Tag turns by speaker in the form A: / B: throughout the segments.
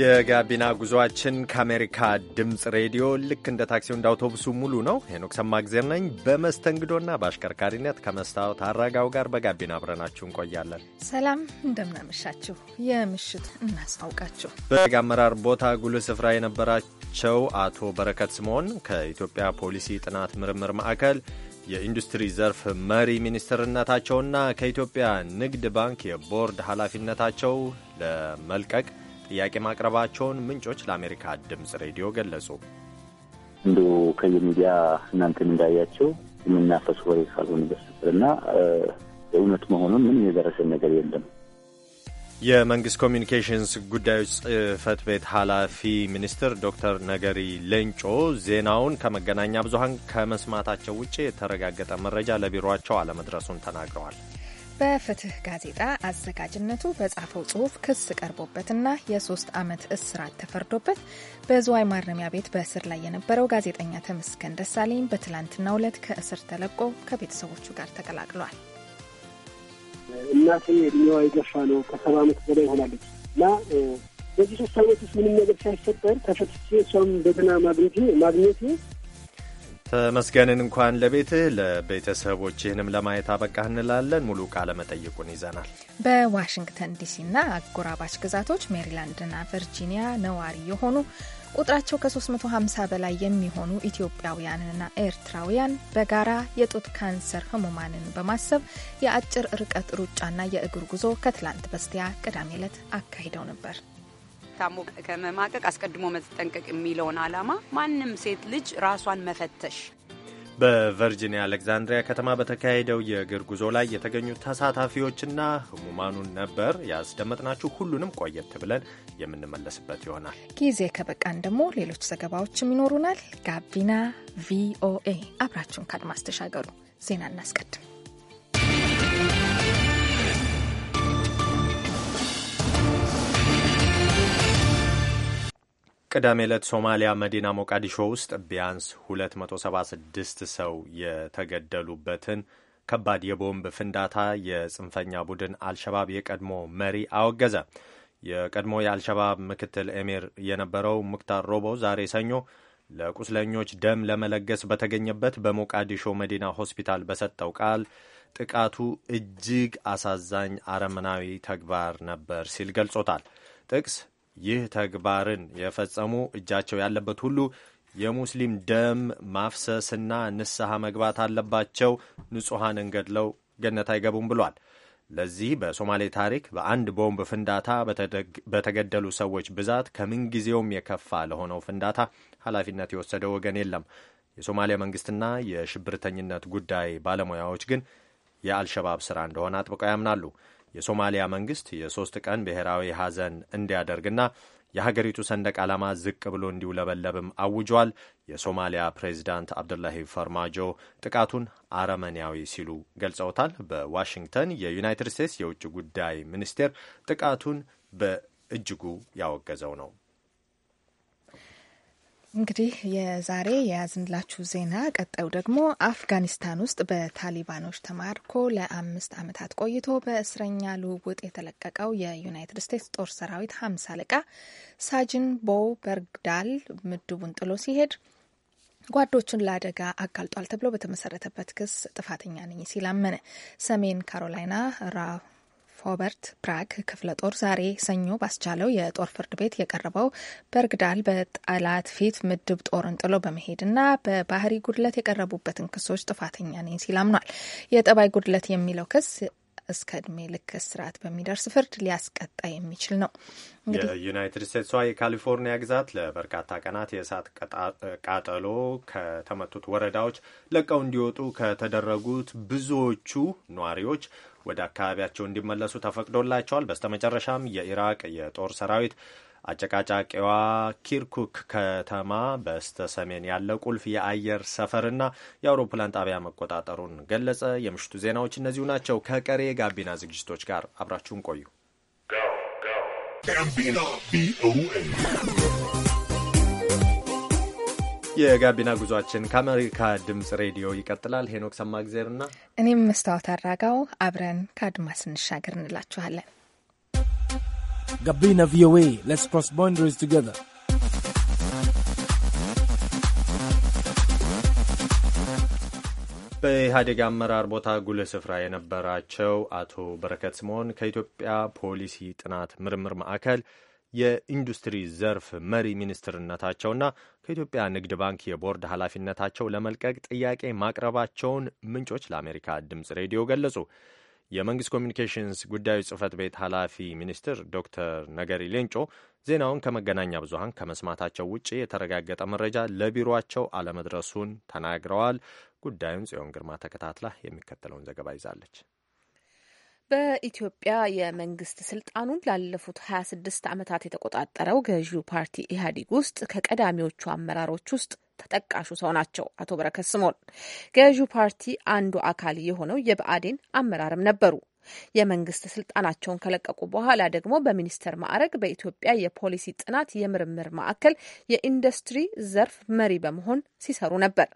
A: የጋቢና ጉዞአችን ከአሜሪካ ድምፅ ሬዲዮ ልክ እንደ ታክሲው እንደ አውቶቡሱ ሙሉ ነው። ሄኖክ ሰማግዜር ነኝ። በመስተንግዶና በአሽከርካሪነት ከመስታወት አረጋው ጋር በጋቢና አብረናችሁ እንቆያለን።
B: ሰላም እንደምናመሻችሁ። የምሽት እናስታውቃችሁ።
A: በግ አመራር ቦታ ጉል ስፍራ የነበራቸው አቶ በረከት ስምዖን ከኢትዮጵያ ፖሊሲ ጥናት ምርምር ማዕከል የኢንዱስትሪ ዘርፍ መሪ ሚኒስትርነታቸውና ከኢትዮጵያ ንግድ ባንክ የቦርድ ኃላፊነታቸው ለመልቀቅ ጥያቄ ማቅረባቸውን ምንጮች ለአሜሪካ ድምፅ ሬዲዮ ገለጹ።
C: እንዶ ከየሚዲያ እናንተም እንዳያቸው የምናፈሱ ወሬ ካልሆነ በስተቀር እና እውነት መሆኑን ምንም የደረሰን ነገር የለም።
A: የመንግስት ኮሚኒኬሽንስ ጉዳዮች ጽህፈት ቤት ኃላፊ ሚኒስትር ዶክተር ነገሪ ሌንጮ ዜናውን ከመገናኛ ብዙሀን ከመስማታቸው ውጭ የተረጋገጠ መረጃ ለቢሮቸው አለመድረሱን ተናግረዋል።
B: በፍትህ ጋዜጣ አዘጋጅነቱ በጻፈው ጽሁፍ ክስ ቀርቦበትና የሶስት ዓመት እስራት ተፈርዶበት በዝዋይ ማረሚያ ቤት በእስር ላይ የነበረው ጋዜጠኛ ተመስገን ደሳለኝ በትላንትናው ዕለት ከእስር ተለቆ ከቤተሰቦቹ ጋር
D: ተቀላቅሏል። እናቴ እድሜዋ የገፋ ነው፣ ከሰባ ዓመት በላይ ይሆናለች እና በዚህ ሶስት ዓመት ውስጥ ምንም ነገር ሳይፈጠር ተፈትቼ እሷም በገና ማግኘቴ ማግኘቴ
A: ተመስገንን እንኳን ለቤትህ ለቤተሰቦችህንም ለማየት አበቃህ እንላለን። ሙሉ ቃለ መጠይቁን ይዘናል።
B: በዋሽንግተን ዲሲና አጎራባች ግዛቶች ሜሪላንድና ቨርጂኒያ ነዋሪ የሆኑ ቁጥራቸው ከ350 በላይ የሚሆኑ ኢትዮጵያውያንና ኤርትራውያን በጋራ የጡት ካንሰር ህሙማንን በማሰብ የአጭር ርቀት ሩጫና የእግር ጉዞ ከትላንት በስቲያ ቅዳሜ ዕለት
E: አካሂደው ነበር። ታሞ ከመማቀቅ አስቀድሞ መጠንቀቅ የሚለውን ዓላማ ማንም ሴት ልጅ ራሷን መፈተሽ
A: በቨርጂኒያ አሌክዛንድሪያ ከተማ በተካሄደው የእግር ጉዞ ላይ የተገኙ ተሳታፊዎችና ህሙማኑን ነበር ያስደመጥናችሁ። ሁሉንም ቆየት ብለን የምንመለስበት ይሆናል።
B: ጊዜ ከበቃን ደግሞ ሌሎች ዘገባዎችም ይኖሩናል። ጋቢና ቪኦኤ አብራችሁን ከአድማስ ተሻገሩ። ዜና እናስቀድም።
A: ቅዳሜ ዕለት ሶማሊያ መዲና ሞቃዲሾ ውስጥ ቢያንስ 276 ሰው የተገደሉበትን ከባድ የቦምብ ፍንዳታ የጽንፈኛ ቡድን አልሸባብ የቀድሞ መሪ አወገዘ። የቀድሞ የአልሸባብ ምክትል ኤሚር የነበረው ሙክታር ሮቦ ዛሬ ሰኞ ለቁስለኞች ደም ለመለገስ በተገኘበት በሞቃዲሾ መዲና ሆስፒታል በሰጠው ቃል ጥቃቱ እጅግ አሳዛኝ አረመናዊ ተግባር ነበር ሲል ገልጾታል። ጥቅስ ይህ ተግባርን የፈጸሙ እጃቸው ያለበት ሁሉ የሙስሊም ደም ማፍሰስና ንስሐ መግባት አለባቸው፣ ንጹሐን እንገድለው ገነት አይገቡም ብሏል። ለዚህ በሶማሌ ታሪክ በአንድ ቦምብ ፍንዳታ በተገደሉ ሰዎች ብዛት ከምንጊዜውም የከፋ ለሆነው ፍንዳታ ኃላፊነት የወሰደ ወገን የለም። የሶማሊያ መንግስትና የሽብርተኝነት ጉዳይ ባለሙያዎች ግን የአልሸባብ ስራ እንደሆነ አጥብቀው ያምናሉ። የሶማሊያ መንግስት የሶስት ቀን ብሔራዊ ሐዘን እንዲያደርግና የሀገሪቱ ሰንደቅ ዓላማ ዝቅ ብሎ እንዲውለበለብም አውጇል። የሶማሊያ ፕሬዚዳንት አብዱላሂ ፈርማጆ ጥቃቱን አረመኔያዊ ሲሉ ገልጸውታል። በዋሽንግተን የዩናይትድ ስቴትስ የውጭ ጉዳይ ሚኒስቴር ጥቃቱን በእጅጉ ያወገዘው ነው።
B: እንግዲህ የዛሬ የያዝንላችሁ ዜና ቀጣዩ ደግሞ አፍጋኒስታን ውስጥ በታሊባኖች ተማርኮ ለአምስት ዓመታት ቆይቶ በእስረኛ ልውውጥ የተለቀቀው የዩናይትድ ስቴትስ ጦር ሰራዊት ሀምሳ አለቃ ሳጅን ቦ በርግዳል ምድቡን ጥሎ ሲሄድ ጓዶቹን ለአደጋ አጋልጧል ተብሎ በተመሰረተበት ክስ ጥፋተኛ ነኝ ሲል አመነ። ሰሜን ካሮላይና ራ ፎበርት ብራግ ክፍለ ጦር ዛሬ ሰኞ ባስቻለው የጦር ፍርድ ቤት የቀረበው በእርግዳል በጠላት ፊት ምድብ ጦርን ጥሎ በመሄድና በባህሪ ጉድለት የቀረቡበትን ክሶች ጥፋተኛ ነኝ ሲል አምኗል። የጠባይ ጉድለት የሚለው ክስ እስከ እድሜ ልክ እስራት በሚደርስ ፍርድ ሊያስቀጣ የሚችል ነው።
A: የዩናይትድ ስቴትሷ የካሊፎርኒያ ግዛት ለበርካታ ቀናት የእሳት ቃጠሎ ከተመቱት ወረዳዎች ለቀው እንዲወጡ ከተደረጉት ብዙዎቹ ነዋሪዎች ወደ አካባቢያቸው እንዲመለሱ ተፈቅዶላቸዋል። በስተመጨረሻም የኢራቅ የጦር ሰራዊት አጨቃጫቂዋ ኪርኩክ ከተማ በስተ ሰሜን ያለ ቁልፍ የአየር ሰፈርና የአውሮፕላን ጣቢያ መቆጣጠሩን ገለጸ። የምሽቱ ዜናዎች እነዚሁ ናቸው። ከቀሬ የጋቢና ዝግጅቶች ጋር አብራችሁን ቆዩ። የጋቢና ጉዟችን ከአሜሪካ ድምጽ ሬዲዮ ይቀጥላል። ሄኖክ ሰማግዜርና
B: እኔም መስታወት አራጋው አብረን ከአድማስ እንሻገር እንላችኋለን።
F: ጋቢና ቪኦኤ ሌትስ ክሮስ ቦንደሪስ ቱጌዘር
A: በኢህአዴግ አመራር ቦታ ጉልህ ስፍራ የነበራቸው አቶ በረከት ስምኦን ከኢትዮጵያ ፖሊሲ ጥናት ምርምር ማዕከል የኢንዱስትሪ ዘርፍ መሪ ሚኒስትርነታቸውና ከኢትዮጵያ ንግድ ባንክ የቦርድ ኃላፊነታቸው ለመልቀቅ ጥያቄ ማቅረባቸውን ምንጮች ለአሜሪካ ድምፅ ሬዲዮ ገለጹ። የመንግስት ኮሚኒኬሽንስ ጉዳዮች ጽህፈት ቤት ኃላፊ ሚኒስትር ዶክተር ነገሪ ሌንጮ ዜናውን ከመገናኛ ብዙሃን ከመስማታቸው ውጭ የተረጋገጠ መረጃ ለቢሮቸው አለመድረሱን ተናግረዋል። ጉዳዩን ጽዮን ግርማ ተከታትላ የሚከተለውን ዘገባ ይዛለች።
G: በኢትዮጵያ የመንግስት ስልጣኑን ላለፉት 26 ዓመታት የተቆጣጠረው ገዢው ፓርቲ ኢህአዴግ ውስጥ ከቀዳሚዎቹ አመራሮች ውስጥ ተጠቃሹ ሰው ናቸው አቶ በረከት ስምኦን። ገዢው ፓርቲ አንዱ አካል የሆነው የብአዴን አመራርም ነበሩ። የመንግስት ስልጣናቸውን ከለቀቁ በኋላ ደግሞ በሚኒስተር ማዕረግ በኢትዮጵያ የፖሊሲ ጥናት የምርምር ማዕከል የኢንዱስትሪ ዘርፍ መሪ በመሆን ሲሰሩ ነበር።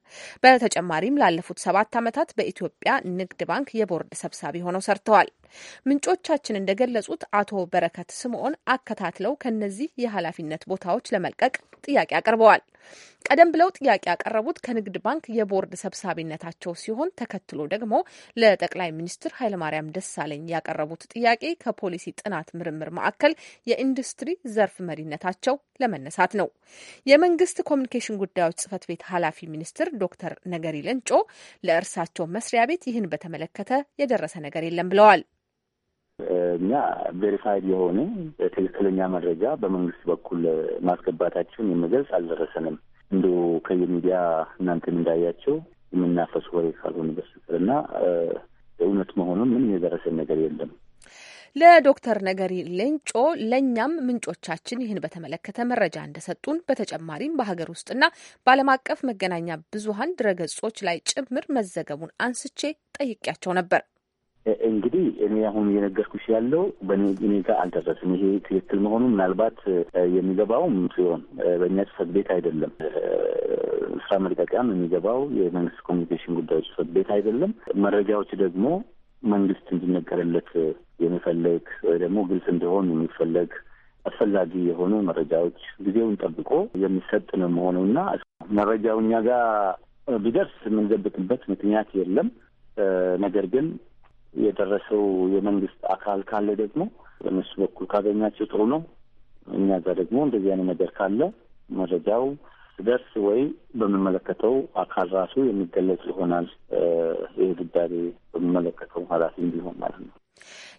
G: በተጨማሪም ላለፉት ሰባት ዓመታት በኢትዮጵያ ንግድ ባንክ የቦርድ ሰብሳቢ ሆነው ሰርተዋል። ምንጮቻችን እንደገለጹት አቶ በረከት ስምዖን አከታትለው ከነዚህ የኃላፊነት ቦታዎች ለመልቀቅ ጥያቄ አቅርበዋል። ቀደም ብለው ጥያቄ ያቀረቡት ከንግድ ባንክ የቦርድ ሰብሳቢነታቸው ሲሆን ተከትሎ ደግሞ ለጠቅላይ ሚኒስትር ኃይለማርያም ደሳለኝ ያቀረቡት ጥያቄ ከፖሊሲ ጥናት ምርምር ማዕከል የኢንዱስትሪ ዘርፍ መሪነታቸው ለመነሳት ነው። የመንግስት ኮሚኒኬሽን ጉዳዮች ጽህፈት ቤት ኃላፊ ሚኒስትር ዶክተር ነገሪ ለንጮ ለእርሳቸው መስሪያ ቤት ይህን በተመለከተ የደረሰ ነገር የለም ብለዋል።
C: እኛ ቬሪፋይድ የሆነ ትክክለኛ መረጃ በመንግስት በኩል ማስገባታቸውን የሚገልጽ አልደረሰንም። እንዲ ከየሚዲያ እናንተም እንዳያቸው የምናፈሱ ወሬ ካልሆነ በስተቀር እና እውነት መሆኑን ምንም የደረሰን ነገር የለም።
G: ለዶክተር ነገሪ ሌንጮ ለእኛም ምንጮቻችን ይህን በተመለከተ መረጃ እንደሰጡን በተጨማሪም በሀገር ውስጥና በዓለም አቀፍ መገናኛ ብዙሀን ድረገጾች ላይ ጭምር መዘገቡን አንስቼ ጠይቄያቸው ነበር።
C: እንግዲህ እኔ አሁን እየነገርኩሽ ያለው በእኔ ጋር አልደረስም። ይሄ ትክክል መሆኑ ምናልባት የሚገባውም ሲሆን በእኛ ጽህፈት ቤት አይደለም። ስራ መልቀቂያም የሚገባው የመንግስት ኮሚኒኬሽን ጉዳዮች ጽህፈት ቤት አይደለም። መረጃዎች ደግሞ መንግስት እንዲነገርለት የሚፈለግ ወይ ደግሞ ግልጽ እንዲሆን የሚፈለግ አስፈላጊ የሆኑ መረጃዎች ጊዜውን ጠብቆ የሚሰጥ ነው መሆኑ እና መረጃው እኛ ጋር ቢደርስ የምንዘብቅበት ምክንያት የለም። ነገር ግን የደረሰው የመንግስት አካል ካለ ደግሞ በእነሱ በኩል ካገኛቸው ጥሩ ነው። እኛ ጋር ደግሞ እንደዚህ አይነት ነገር ካለ መረጃው ደርስ ወይ በምመለከተው አካል ራሱ የሚገለጽ ይሆናል። ይህ ጉዳይ በምመለከተው ኃላፊ እንዲሆን ማለት ነው።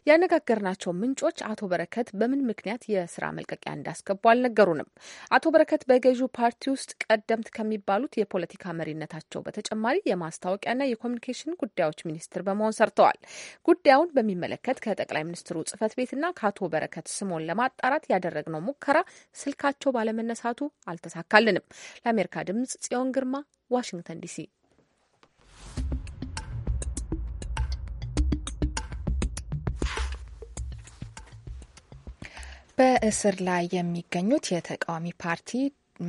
G: ያነጋገርናቸው ምንጮች አቶ በረከት በምን ምክንያት የስራ መልቀቂያ እንዳስገቡ አልነገሩንም። አቶ በረከት በገዢው ፓርቲ ውስጥ ቀደምት ከሚባሉት የፖለቲካ መሪነታቸው በተጨማሪ የማስታወቂያና የኮሚኒኬሽን ጉዳዮች ሚኒስትር በመሆን ሰርተዋል። ጉዳዩን በሚመለከት ከጠቅላይ ሚኒስትሩ ጽህፈት ቤትና ከአቶ በረከት ስሞን ለማጣራት ያደረግነው ሙከራ ስልካቸው ባለመነሳቱ አልተሳካልንም። ለአሜሪካ ድምጽ ጽዮን ግርማ ዋሽንግተን ዲሲ
B: በእስር ላይ የሚገኙት የተቃዋሚ ፓርቲ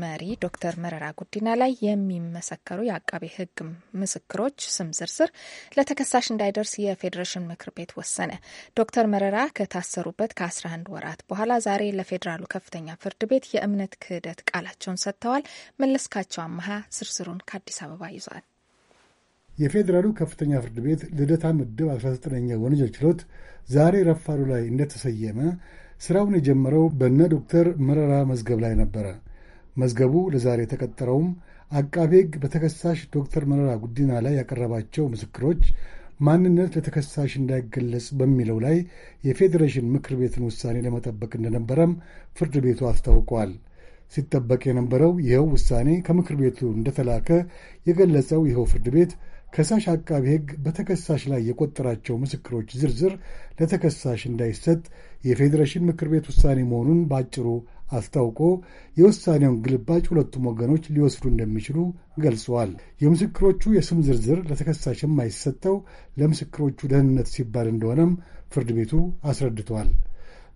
B: መሪ ዶክተር መረራ ጉዲና ላይ የሚመሰከሩ የአቃቤ ሕግ ምስክሮች ስም ዝርዝር ለተከሳሽ እንዳይደርስ የፌዴሬሽን ምክር ቤት ወሰነ። ዶክተር መረራ ከታሰሩበት ከ11 ወራት በኋላ ዛሬ ለፌዴራሉ ከፍተኛ ፍርድ ቤት የእምነት ክህደት ቃላቸውን ሰጥተዋል። መለስካቸው አመሃ ዝርዝሩን ከአዲስ አበባ ይዟል።
H: የፌዴራሉ ከፍተኛ ፍርድ ቤት ልደታ ምድብ 19ኛ ወንጀል ችሎት ዛሬ ረፋዱ ላይ እንደተሰየመ ሥራውን የጀመረው በነ ዶክተር መረራ መዝገብ ላይ ነበረ። መዝገቡ ለዛሬ የተቀጠረውም አቃቤ ሕግ በተከሳሽ ዶክተር መረራ ጉዲና ላይ ያቀረባቸው ምስክሮች ማንነት ለተከሳሽ እንዳይገለጽ በሚለው ላይ የፌዴሬሽን ምክር ቤትን ውሳኔ ለመጠበቅ እንደነበረም ፍርድ ቤቱ አስታውቋል። ሲጠበቅ የነበረው ይኸው ውሳኔ ከምክር ቤቱ እንደተላከ የገለጸው ይኸው ፍርድ ቤት ከሳሽ አቃቢ ሕግ በተከሳሽ ላይ የቆጠራቸው ምስክሮች ዝርዝር ለተከሳሽ እንዳይሰጥ የፌዴሬሽን ምክር ቤት ውሳኔ መሆኑን በአጭሩ አስታውቆ የውሳኔውን ግልባጭ ሁለቱም ወገኖች ሊወስዱ እንደሚችሉ ገልጸዋል። የምስክሮቹ የስም ዝርዝር ለተከሳሽ የማይሰጠው ለምስክሮቹ ደህንነት ሲባል እንደሆነም ፍርድ ቤቱ አስረድቷል።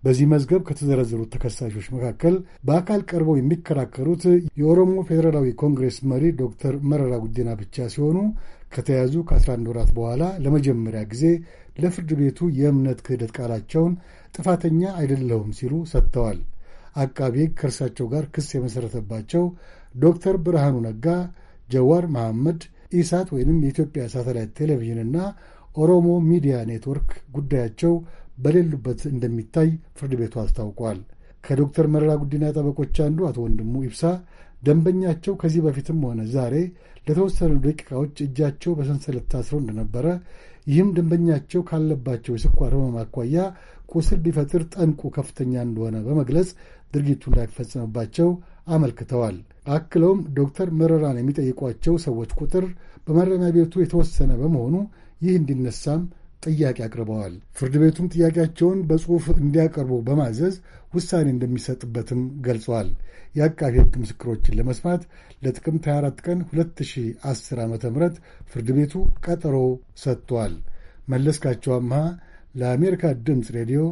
H: በዚህ መዝገብ ከተዘረዘሩት ተከሳሾች መካከል በአካል ቀርበው የሚከራከሩት የኦሮሞ ፌዴራላዊ ኮንግሬስ መሪ ዶክተር መረራ ጉዲና ብቻ ሲሆኑ ከተያዙ ከ11 ወራት በኋላ ለመጀመሪያ ጊዜ ለፍርድ ቤቱ የእምነት ክህደት ቃላቸውን ጥፋተኛ አይደለሁም ሲሉ ሰጥተዋል። አቃቢ ሕግ ከእርሳቸው ጋር ክስ የመሠረተባቸው ዶክተር ብርሃኑ ነጋ፣ ጀዋር መሐመድ፣ ኢሳት ወይንም የኢትዮጵያ ሳተላይት ቴሌቪዥንና ኦሮሞ ሚዲያ ኔትወርክ ጉዳያቸው በሌሉበት እንደሚታይ ፍርድ ቤቱ አስታውቋል። ከዶክተር መረራ ጉዲና ጠበቆች አንዱ አቶ ወንድሙ ኢብሳ ደንበኛቸው ከዚህ በፊትም ሆነ ዛሬ ለተወሰኑ ደቂቃዎች እጃቸው በሰንሰለት ታስሮ እንደነበረ ይህም ደንበኛቸው ካለባቸው የስኳር ህመም አኳያ ቁስል ቢፈጥር ጠንቁ ከፍተኛ እንደሆነ በመግለጽ ድርጊቱ እንዳይፈጸምባቸው አመልክተዋል። አክለውም ዶክተር መረራን የሚጠይቋቸው ሰዎች ቁጥር በማረሚያ ቤቱ የተወሰነ በመሆኑ ይህ እንዲነሳም ጥያቄ አቅርበዋል። ፍርድ ቤቱም ጥያቄያቸውን በጽሑፍ እንዲያቀርቡ በማዘዝ ውሳኔ እንደሚሰጥበትም ገልጿል። የአቃቤ ሕግ ምስክሮችን ለመስማት ለጥቅምት 24 ቀን 2010 ዓ ም ፍርድ ቤቱ ቀጠሮ ሰጥቷል። መለስካቸው አምሃ ለአሜሪካ ድምፅ ሬዲዮ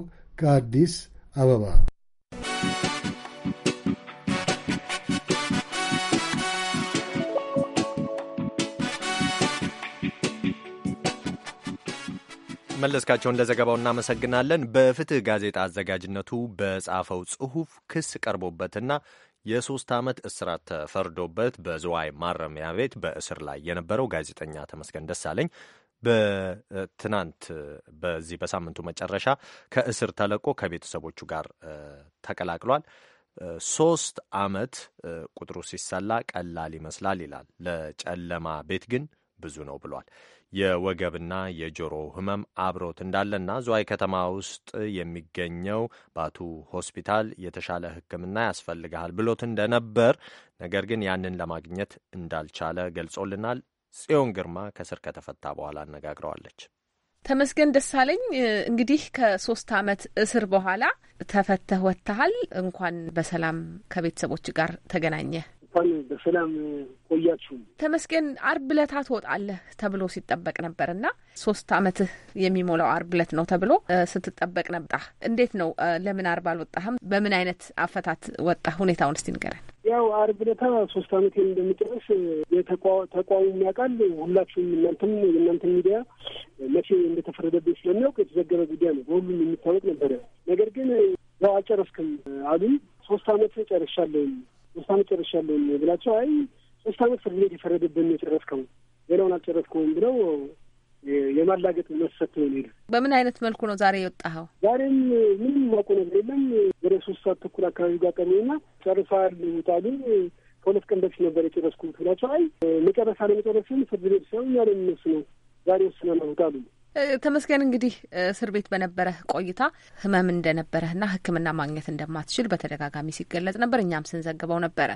H: ከአዲስ አበባ
A: መለስካቸውን ለዘገባው እናመሰግናለን። በፍትህ ጋዜጣ አዘጋጅነቱ በጻፈው ጽሑፍ ክስ ቀርቦበትና የሶስት ዓመት እስራት ተፈርዶበት በዝዋይ ማረሚያ ቤት በእስር ላይ የነበረው ጋዜጠኛ ተመስገን ደሳለኝ በትናንት በዚህ በሳምንቱ መጨረሻ ከእስር ተለቆ ከቤተሰቦቹ ጋር ተቀላቅሏል። ሶስት ዓመት ቁጥሩ ሲሰላ ቀላል ይመስላል ይላል፣ ለጨለማ ቤት ግን ብዙ ነው ብሏል። የወገብና የጆሮ ህመም አብሮት እንዳለና ዝዋይ ከተማ ውስጥ የሚገኘው ባቱ ሆስፒታል የተሻለ ሕክምና ያስፈልግሃል ብሎት እንደነበር ነገር ግን ያንን ለማግኘት እንዳልቻለ ገልጾልናል። ጽዮን ግርማ ከስር ከተፈታ በኋላ አነጋግረዋለች።
G: ተመስገን ደሳለኝ እንግዲህ ከሶስት አመት እስር በኋላ ተፈተህ ወጥተሃል። እንኳን በሰላም ከቤተሰቦች ጋር ተገናኘ።
D: እንኳን በሰላም ቆያችሁ።
G: ተመስገን አርብ ዕለት ትወጣለህ ተብሎ ሲጠበቅ ነበር እና ሶስት አመትህ የሚሞላው አርብ ዕለት ነው ተብሎ ስትጠበቅ ነበጣ። እንዴት ነው? ለምን አርብ አልወጣህም? በምን አይነት አፈታት ወጣ? ሁኔታውን እስቲ ንገረን።
D: ያው አርብ ዕለት ሶስት አመት እንደምጨርስ ተቋሙ የሚያውቃል። ሁላችሁም እናንተም የእናንተ ሚዲያ መቼ እንደተፈረደብኝ ስለሚያውቅ የተዘገበ ጉዳይ ነው፣ በሁሉም የሚታወቅ ነበረ። ነገር ግን ያው አልጨረስክም አሉኝ። ሶስት አመት ጨርሻለሁ ውሳኔ አመት ጨርሻለሁ ብላቸው አይ ሶስት አመት ፍርድ ቤት የፈረደብን የጨረስከው ሌላውን አልጨረስከውም ብለው የማላገጥ መሰት ነው ሄዱ።
G: በምን አይነት መልኩ ነው ዛሬ የወጣኸው?
D: ዛሬም ምንም ማውቀው ነገር የለም። ወደ ሶስት ሰዓት ተኩል አካባቢ ጋር ጨርሳል ጨርሰሃል ከሁለት ቀን በፊት ነበር የጨረስኩት ብላቸው አይ መጨረስ አለመጨረስን ፍርድ ቤት ሳይሆን ያለ እነሱ ነው ዛሬ ነው አውጣሉ
G: ተመስገን እንግዲህ እስር ቤት በነበረ ቆይታ ህመም እንደነበረህና ሕክምና ማግኘት እንደማትችል በተደጋጋሚ ሲገለጽ ነበር። እኛም ስንዘግበው ነበረ።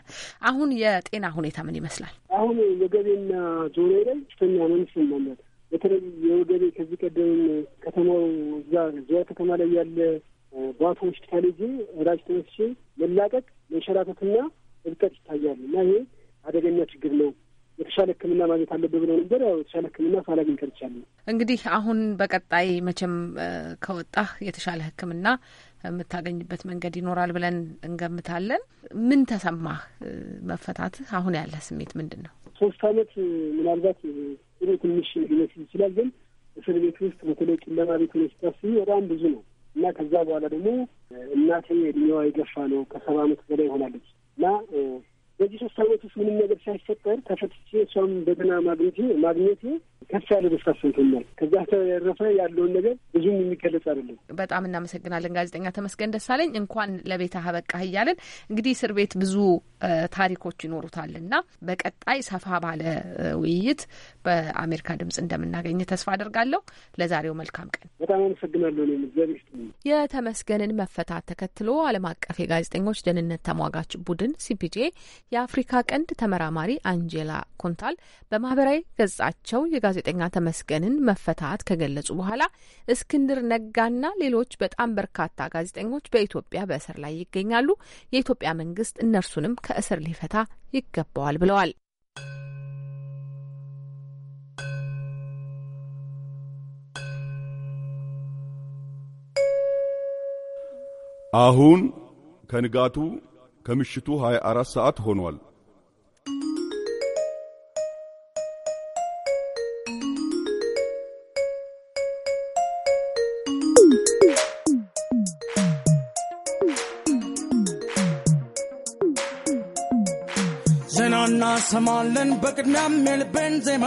G: አሁን የጤና ሁኔታ ምን ይመስላል?
D: አሁን የገቤና ዞሬ ላይ ከፍተኛ ህመም ይሰማኛል። በተለይ የወገቤ ከዚህ ቀደም ከተማው እዛ ዙያ ከተማ ላይ ያለ ባቶ ሆስፒታል ዜ ራጅ ተነስቼ መላቀቅ፣ መንሸራተትና እብጠት ይታያል እና ይሄ አደገኛ ችግር ነው። የተሻለ ሕክምና ማግኘት አለብህ ብለው ነበር። ያው የተሻለ ሕክምና ሳላገኝ ቀርቻለሁ።
G: እንግዲህ አሁን በቀጣይ መቼም ከወጣህ የተሻለ ሕክምና የምታገኝበት መንገድ ይኖራል ብለን እንገምታለን። ምን ተሰማህ? መፈታትህ አሁን ያለ ስሜት ምንድን ነው?
D: ሶስት አመት ምናልባት ጥሩ ትንሽ ሊመስል ይችላል፣ ግን እስር ቤት ውስጥ በተለይ ጨለማ ቤት ሆነ ስታስቢ በጣም ብዙ ነው እና ከዛ በኋላ ደግሞ እናቴ እድሜዋ የገፋ ነው ከሰባ አመት በላይ ይሆናለች እና በዚህ ሶስት አመት ውስጥ ምንም ነገር ሳይፈጠር ተፈትቼ እሷም በገና ማግኘቴ ማግኘቴ ከፍ ያለ ደስታ ሰምቶኛል። ከዛ ተረፈ ያለውን ነገር ብዙም የሚገለጽ አይደለም።
G: በጣም እናመሰግናለን ጋዜጠኛ ተመስገን ደሳለኝ። እንኳን ለቤትህ አበቃህ እያለን እንግዲህ እስር ቤት ብዙ ታሪኮች ይኖሩታል እና በቀጣይ ሰፋ ባለ ውይይት በአሜሪካ ድምጽ እንደምናገኝ ተስፋ አደርጋለሁ። ለዛሬው
D: መልካም ቀን። በጣም አመሰግናለሁ።
G: የተመስገንን መፈታት ተከትሎ ዓለም አቀፍ የጋዜጠኞች ደህንነት ተሟጋች ቡድን ሲፒጄ የአፍሪካ ቀንድ ተመራማሪ አንጄላ ኮንታል በማህበራዊ ገጻቸው የጋዜጠኛ ተመስገንን መፈታት ከገለጹ በኋላ እስክንድር ነጋና ሌሎች በጣም በርካታ ጋዜጠኞች በኢትዮጵያ በእስር ላይ ይገኛሉ። የኢትዮጵያ መንግስት እነርሱንም ከእስር ሊፈታ ይገባዋል ብለዋል።
H: አሁን ከንጋቱ ከምሽቱ 24 ሰዓት ሆኗል።
F: ዘናና ሰማለን በቅድሚያም የልቤን ዜማ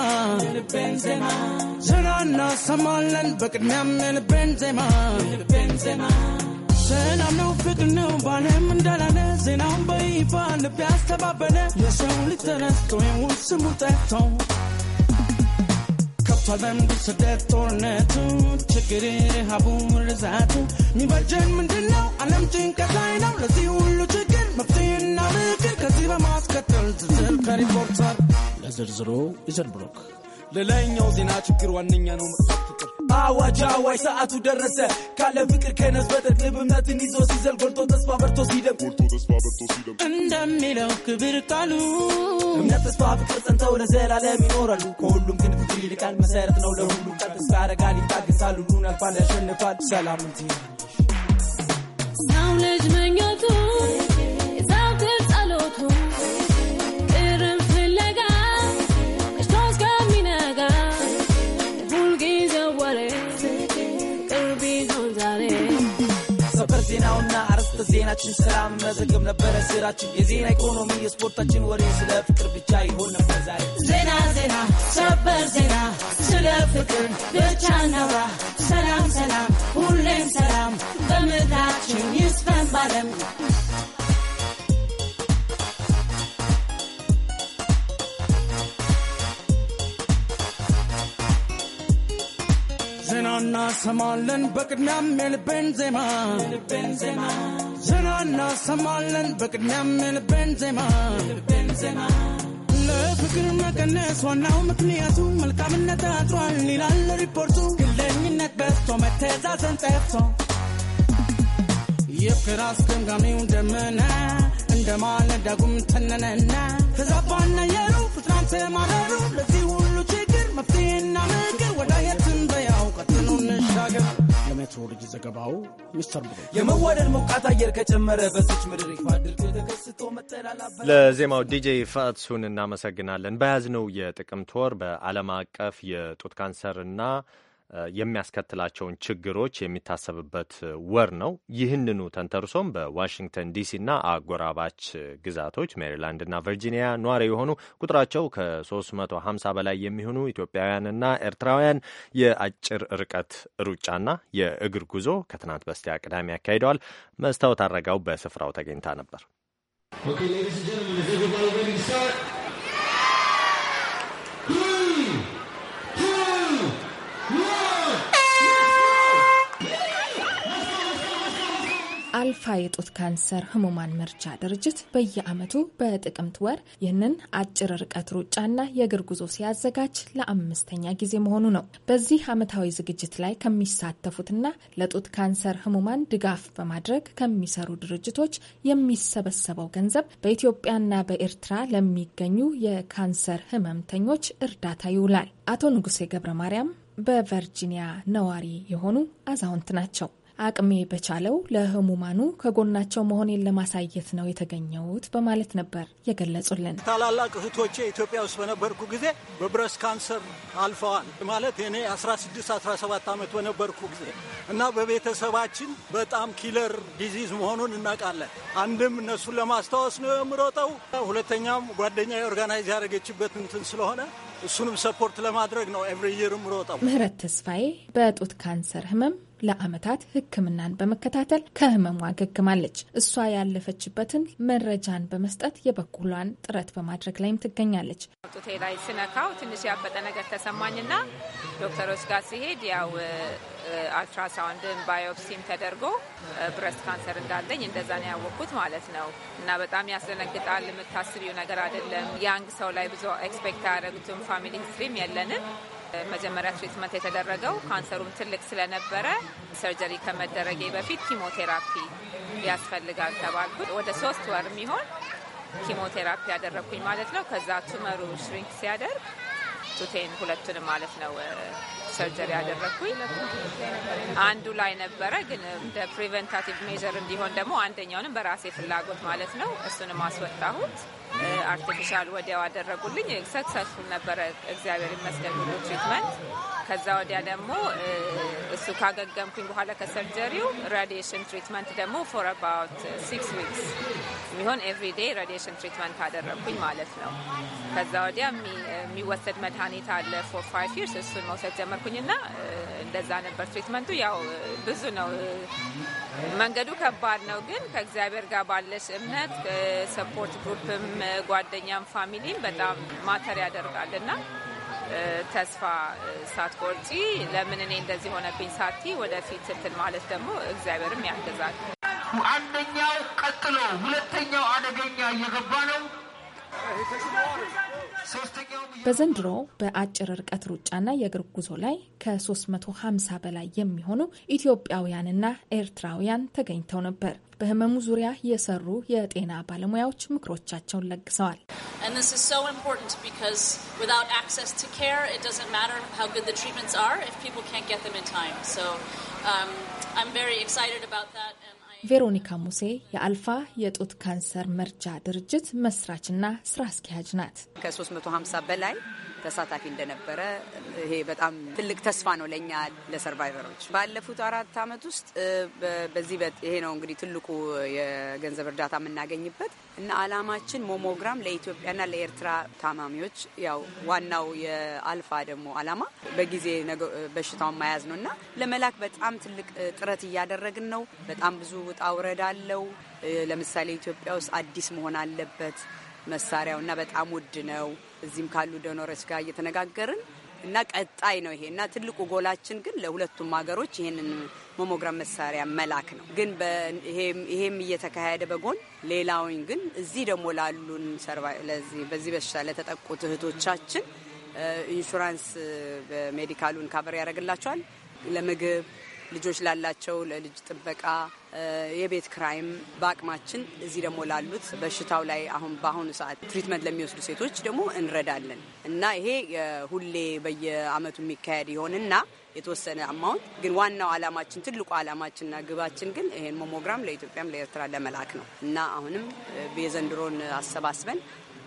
F: ዘናና ሰማለን በቅድሚያም የልቤን ዜማ ሰላም ነው ፍቅር ነው ባለም እንዳላለ ዜናውን በይፋ ልብ ያስተባበለ የሰው ልጅ ተረስቶ ወይም ስሙ ጠፍቶ ስደት ጦርነቱ ችግር ረሃቡ ርዛቱ ሚበጀን ምንድን ነው? ጭንቀት ላይ ነው። ለዚህ ሁሉ ችግር መፍትሄና ምክር ከዚህ በማስከተል ዝርዝር ከሪፖርተር ለዝርዝሩ ይዘንብሮክ ሌላኛው ዜና ችግር ዋነኛ ነው መጥፋት ፍቅር ማዋጃ ዋይ ሰዓቱ ደረሰ ካለ ፍቅር ከነስ በጠቅ ልብነትን ይዞ ሲዘል ጎልቶ ተስፋ በርቶ ሲደም እንደሚለው ክብር ቃሉ እምነት፣ ተስፋ፣ ፍቅር ጸንተው ለዘላለም ይኖራሉ። ከሁሉም ግን ፍቅር ይልቃል መሰረት ነው ለሁሉም ቀጥ ያረጋል ይታገሳል ሁሉን ያልፋል ያሸንፋል ሰላም እንጂ ነው ልጅ ሀገራችን ሰላም መዘገብ ነበረ ስራችን። የዜና ኢኮኖሚ፣ የስፖርታችን ወሬ ስለ ፍቅር ብቻ ይሆን ነበር ዛሬ። ዜና ዜና፣ ሰበር ዜና፣ ስለ ፍቅር ብቻ ነባ። ሰላም ሰላም፣ ሁሌም ሰላም በምድራችን ይስፈን ባለም ዜና እናሰማለን። በቅድሚያም የልቤን ዜማ ዘና እናሰማለን በቅድሚያም የልቤን ዜማ ለፍቅር መቀነስ ዋናው ምክንያቱ መልካምነት አጥሯል ይላል ሪፖርቱ። ግለኝነት በዝቶ መተዛዘን ጠፍቶ የፍቅር አስገምጋሚው ደመና እንደ ማለዳ ጉም ተነነና ተዛባና የሩ ትናንት ማረሩ ለዚህ ሁሉ ችግር መፍትሄና ምክር ወደ የትን በያው እንሻገር ከሜትሮሎጂ ዘገባው ሚስተር ብሮ የመዋደድ ሞቃት አየር ከጨመረ በሰች ምድር ይፋድርግ ተከስቶ መጠላላ።
A: ለዜማው ዲጄ ፋትሱን እናመሰግናለን። በያዝነው የጥቅምት ወር በዓለም አቀፍ የጡት ካንሰር ካንሰርና የሚያስከትላቸውን ችግሮች የሚታሰብበት ወር ነው። ይህንኑ ተንተርሶም በዋሽንግተን እና አጎራባች ግዛቶች ሜሪላንድና ቨርጂኒያ ኗሪ የሆኑ ቁጥራቸው ከ350 በላይ የሚሆኑ ኢትዮጵያውያንና ኤርትራውያን የአጭር ርቀት ሩጫና የእግር ጉዞ ከትናንት በስቲያ ቅዳሜ ያካሂደዋል። መስታወት አረጋው በስፍራው ተገኝታ ነበር።
B: የአልፋ የጡት ካንሰር ህሙማን መርጃ ድርጅት በየዓመቱ በጥቅምት ወር ይህንን አጭር ርቀት ሩጫና የእግር ጉዞ ሲያዘጋጅ ለአምስተኛ ጊዜ መሆኑ ነው። በዚህ ዓመታዊ ዝግጅት ላይ ከሚሳተፉትና ለጡት ካንሰር ህሙማን ድጋፍ በማድረግ ከሚሰሩ ድርጅቶች የሚሰበሰበው ገንዘብ በኢትዮጵያና በኤርትራ ለሚገኙ የካንሰር ህመምተኞች እርዳታ ይውላል። አቶ ንጉሴ ገብረ ማርያም በቨርጂኒያ ነዋሪ የሆኑ አዛውንት ናቸው። አቅሜ በቻለው ለህሙማኑ ከጎናቸው መሆኔን ለማሳየት ነው የተገኘሁት በማለት ነበር የገለጹልን።
H: ታላላቅ እህቶቼ ኢትዮጵያ ውስጥ በነበርኩ ጊዜ በብረስ ካንሰር አልፈዋል። ማለት እኔ 16 17 ዓመት በነበርኩ ጊዜ እና በቤተሰባችን በጣም ኪለር ዲዚዝ መሆኑን እናውቃለን። አንድም እነሱን ለማስታወስ ነው የምሮጠው፣ ሁለተኛም ጓደኛ ኦርጋናይዝ ያደረገችበት እንትን ስለሆነ እሱንም ሰፖርት ለማድረግ ነው ኤቭሪ ይር ምሮጠው። ምህረት
B: ተስፋዬ በጡት ካንሰር ህመም ለአመታት ሕክምናን በመከታተል ከህመሙ አገግማለች። እሷ ያለፈችበትን መረጃን በመስጠት የበኩሏን ጥረት በማድረግ ላይም ትገኛለች።
I: ጡቴ ላይ ስነካው ትንሽ ያበጠ ነገር ተሰማኝና ዶክተሮች ጋር ሲሄድ ያው አልትራሳውንድን ባዮፕሲም ተደርጎ ብረስት ካንሰር እንዳለኝ እንደዛ ነው ያወቅኩት ማለት ነው። እና በጣም ያስደነግጣል። የምታስቢው ነገር አይደለም። ያንግ ሰው ላይ ብዙ ኤክስፔክት አያደረጉትም። ፋሚሊ ስትሪም የለንም መጀመሪያ ትሪትመንት የተደረገው ካንሰሩም ትልቅ ስለነበረ ሰርጀሪ ከመደረጌ በፊት ኪሞቴራፒ ያስፈልጋል ተባልኩት። ወደ ሶስት ወር የሚሆን ኪሞቴራፒ ያደረግኩኝ ማለት ነው። ከዛ ቱመሩ ሽሪንክ ሲያደርግ ቱቴን ሁለቱንም ማለት ነው ሰርጀሪ ያደረግኩኝ። አንዱ ላይ ነበረ፣ ግን እንደ ፕሪቨንታቲቭ ሜዥር እንዲሆን ደግሞ አንደኛውንም በራሴ ፍላጎት ማለት ነው እሱንም አስወጣሁት። አርቲፊሻል ወዲያው አደረጉልኝ። ሰክሰስፉል ነበረ እግዚአብሔር ይመስገን ሁሉ ትሪትመንት። ከዛ ወዲያ ደግሞ እሱ ካገገምኩኝ በኋላ ከሰርጀሪው ራዲሽን ትሪትመንት ደግሞ ፎር አባውት ሲክስ ዊክስ የሚሆን ኤቭሪዴይ ራዲሽን ትሪትመንት አደረግኩኝ ማለት ነው። ከዛ ወዲያ የሚወሰድ መድኃኒት አለ ፎር ፋይቭ ይርስ እሱን መውሰድ ጀመርኩኝና እንደዛ ነበር ትሪትመንቱ። ያው ብዙ ነው መንገዱ ከባድ ነው፣ ግን ከእግዚአብሔር ጋር ባለሽ እምነት ሰፖርት ግሩፕም ጓደኛም ፋሚሊም በጣም ማተር ያደርጋል እና ተስፋ ሳትቆርጪ ለምን እኔ እንደዚህ ሆነብኝ ሳቲ ወደፊት ስትል ማለት ደግሞ እግዚአብሔርም ያገዛል። አንደኛው ቀጥሎ
F: ሁለተኛው አደገኛ እየገባ ነው።
B: በዘንድሮ በአጭር ርቀት ሩጫና የእግር ጉዞ ላይ ከ350 በላይ የሚሆኑ ኢትዮጵያውያንና ኤርትራውያን ተገኝተው ነበር። በህመሙ ዙሪያ የሰሩ የጤና ባለሙያዎች ምክሮቻቸውን ለግሰዋል። um, ቬሮኒካ ሙሴ የአልፋ የጡት ካንሰር መርጃ ድርጅት መስራችና ስራ አስኪያጅ ናት።
E: ከ350 በላይ ተሳታፊ እንደነበረ ይሄ በጣም ትልቅ ተስፋ ነው ለእኛ ለሰርቫይቨሮች። ባለፉት አራት አመት ውስጥ በዚህ ይሄ ነው እንግዲህ ትልቁ የገንዘብ እርዳታ የምናገኝበት እና አላማችን ሞሞግራም ለኢትዮጵያና ለኤርትራ ታማሚዎች ያው ዋናው የአልፋ ደግሞ አላማ በጊዜ በሽታውን መያዝ ነው እና ለመላክ በጣም ትልቅ ጥረት እያደረግን ነው። በጣም ብዙ ውጣ ውረድ አለው። ለምሳሌ ኢትዮጵያ ውስጥ አዲስ መሆን አለበት መሳሪያውና በጣም ውድ ነው። እዚህም ካሉ ዶኖሮች ጋር እየተነጋገርን እና ቀጣይ ነው ይሄ እና ትልቁ ጎላችን ግን ለሁለቱም ሀገሮች ይሄንን መሞግራም መሳሪያ መላክ ነው። ግን ይሄም እየተካሄደ በጎን ሌላውን ግን እዚህ ደግሞ ላሉን በዚህ በሽታ ለተጠቁት እህቶቻችን ኢንሹራንስ ሜዲካሉን ካቨር ያደርግላቸዋል ለምግብ ልጆች ላላቸው ለልጅ ጥበቃ፣ የቤት ክራይም በአቅማችን እዚህ ደግሞ ላሉት በሽታው ላይ አሁን በአሁኑ ሰዓት ትሪትመንት ለሚወስዱ ሴቶች ደግሞ እንረዳለን እና ይሄ ሁሌ በየአመቱ የሚካሄድ ይሆንና የተወሰነ አማውንት ግን ዋናው አላማችን ትልቁ አላማችንና ግባችን ግን ይሄን ሞሞግራም ለኢትዮጵያም ለኤርትራ ለመላክ ነው እና አሁንም የዘንድሮን አሰባስበን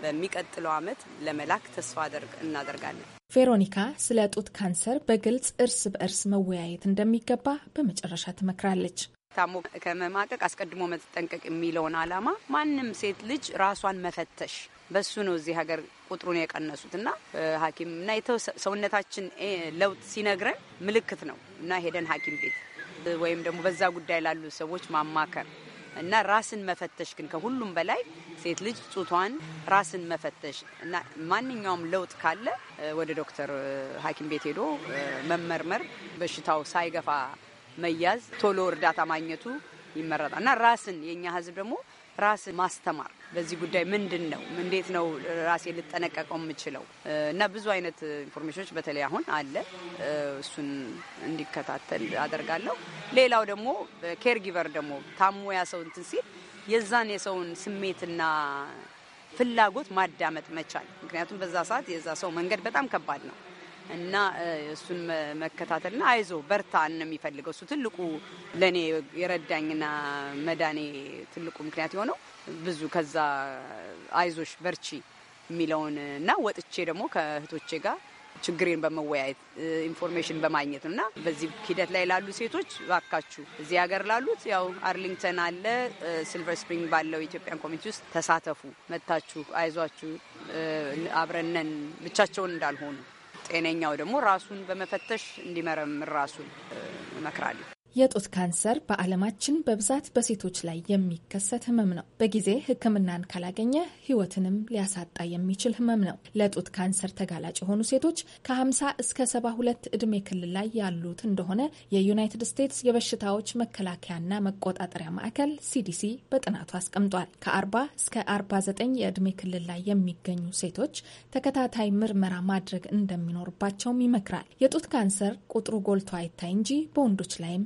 E: በሚቀጥለው ዓመት ለመላክ ተስፋ እናደርጋለን።
B: ቬሮኒካ ስለ ጡት ካንሰር በግልጽ እርስ በእርስ መወያየት እንደሚገባ በመጨረሻ ትመክራለች።
E: ታሞ ከመማቀቅ አስቀድሞ መጠንቀቅ የሚለውን ዓላማ ማንም ሴት ልጅ ራሷን መፈተሽ በሱ ነው እዚህ ሀገር ቁጥሩን የቀነሱት እና ሐኪም እና ሰውነታችን ለውጥ ሲነግረን ምልክት ነው እና ሄደን ሐኪም ቤት ወይም ደግሞ በዛ ጉዳይ ላሉ ሰዎች ማማከር እና ራስን መፈተሽ ግን ከሁሉም በላይ ሴት ልጅ ጡቷን ራስን መፈተሽ እና ማንኛውም ለውጥ ካለ ወደ ዶክተር ሐኪም ቤት ሄዶ መመርመር በሽታው ሳይገፋ መያዝ ቶሎ እርዳታ ማግኘቱ ይመረጣል እና ራስን የእኛ ህዝብ ደግሞ ራስ ማስተማር በዚህ ጉዳይ ምንድን ነው፣ እንዴት ነው ራሴ ልጠነቀቀው የምችለው እና ብዙ አይነት ኢንፎርሜሽኖች በተለይ አሁን አለ። እሱን እንዲከታተል አደርጋለሁ። ሌላው ደግሞ ኬርጊቨር ደግሞ ታሞ ያ ሰው እንትን ሲል የዛን የሰውን ስሜትና ፍላጎት ማዳመጥ መቻል። ምክንያቱም በዛ ሰዓት የዛ ሰው መንገድ በጣም ከባድ ነው። እና እሱን መከታተልና አይዞ በርታ ነው የሚፈልገው። እሱ ትልቁ ለእኔ የረዳኝና መዳኔ ትልቁ ምክንያት የሆነው ብዙ ከዛ አይዞሽ በርቺ የሚለውን እና ወጥቼ ደግሞ ከእህቶቼ ጋር ችግሬን በመወያየት ኢንፎርሜሽን በማግኘት ነው እና በዚህ ሂደት ላይ ላሉ ሴቶች ባካችሁ እዚህ ሀገር ላሉት ያው አርሊንግተን አለ፣ ሲልቨር ስፕሪንግ ባለው ኢትዮጵያን ኮሚኒቲ ውስጥ ተሳተፉ። መታችሁ አይዟችሁ፣ አብረነን ብቻቸውን እንዳልሆኑ ጤነኛው ደግሞ ራሱን በመፈተሽ እንዲመረምር ራሱን እመክራለሁ።
B: የጡት ካንሰር በዓለማችን በብዛት በሴቶች ላይ የሚከሰት ህመም ነው። በጊዜ ሕክምናን ካላገኘ ህይወትንም ሊያሳጣ የሚችል ህመም ነው። ለጡት ካንሰር ተጋላጭ የሆኑ ሴቶች ከ50 እስከ 72 ዕድሜ ክልል ላይ ያሉት እንደሆነ የዩናይትድ ስቴትስ የበሽታዎች መከላከያና መቆጣጠሪያ ማዕከል ሲዲሲ በጥናቱ አስቀምጧል። ከ40 እስከ 49 የዕድሜ ክልል ላይ የሚገኙ ሴቶች ተከታታይ ምርመራ ማድረግ እንደሚኖርባቸውም ይመክራል። የጡት ካንሰር ቁጥሩ ጎልቶ አይታይ እንጂ በወንዶች ላይም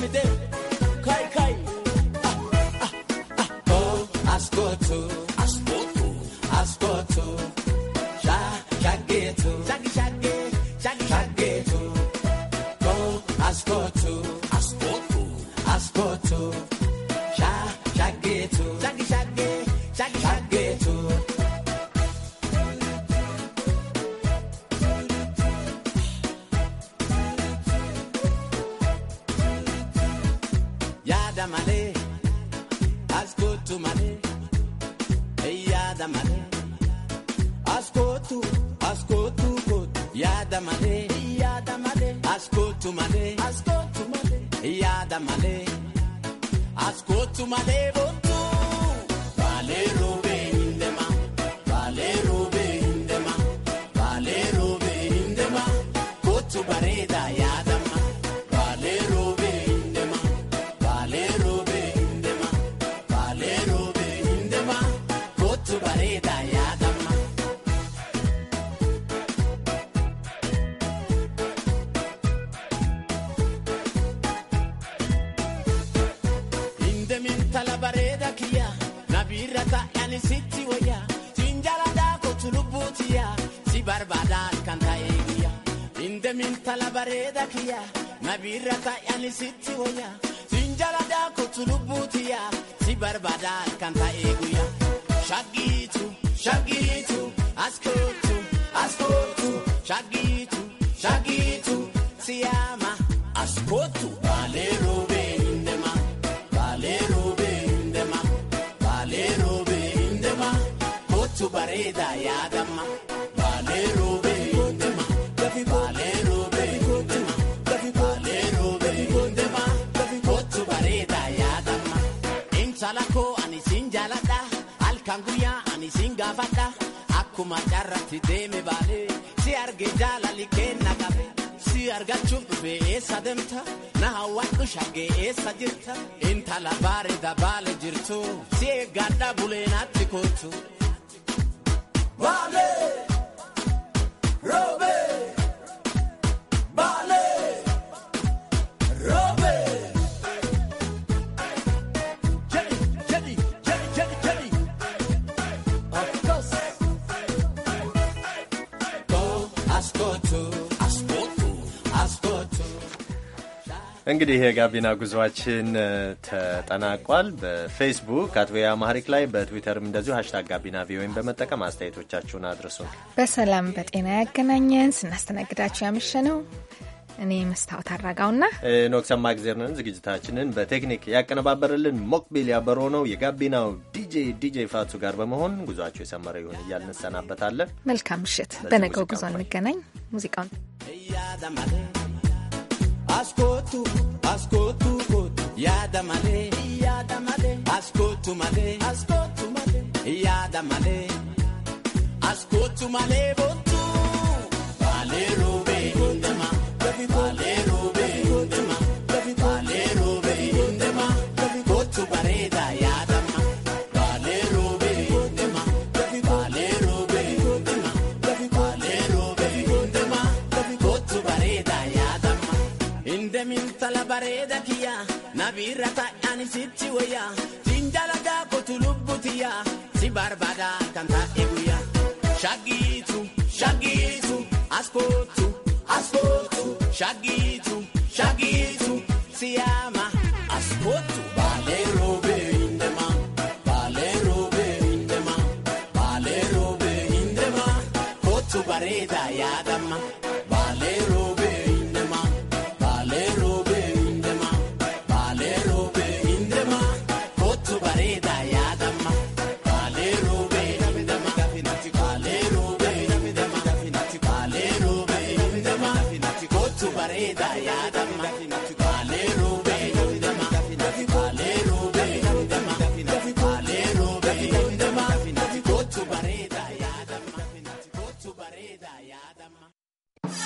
J: parede tala bareeda kiyya mabiirra taa'ani sitti sinjala si barbaada kan taa'ee guyya. Shagiitu shagiitu askootu askootu shagiitu shagiitu siyaama askootu baalee roobee hin deema baalee roobee akkuma deeme baalee si arge jaalali keenna qabe si argachuun bee eessa demta na hawwaadhu gee eessa jirta intala bareeda baale jirtu si eeggadha buleenaatti kootu.
A: እንግዲህ የጋቢና ጉዟችን ተጠናቋል። በፌስቡክ አት ቪኦኤ አማሪክ ላይ በትዊተርም እንደዚሁ ሀሽታግ ጋቢና ቪኦኤን በመጠቀም አስተያየቶቻችሁን አድርሱ።
B: በሰላም በጤና ያገናኘን። ስናስተናግዳችሁ ነው እኔ መስታወት አራጋውና
A: ኖክ ሰማ ጊዜር ነን። ዝግጅታችንን በቴክኒክ ያቀነባበረልን ሞክቢል ያበሮ ነው። የጋቢናው ዲጄ ዲጄ ፋቱ ጋር በመሆን ጉዟቸው የሰመረ ይሁን እያል እንሰናበታለን።
B: መልካም ምሽት። በነገው ጉዞ እንገናኝ። ሙዚቃውን
J: Ascoltu, ascoltu, ascoltu. Yada male, yada male. Ascoltu male, ascoltu male. Yada male. Ascoltu male, votu. Vale robe, indema. Vale robe, indema. Vale robe, indema. mintala bareeda kiyya nabirra ta'an sitti wayya siin dalagaa kotu lubbutiya si barbaada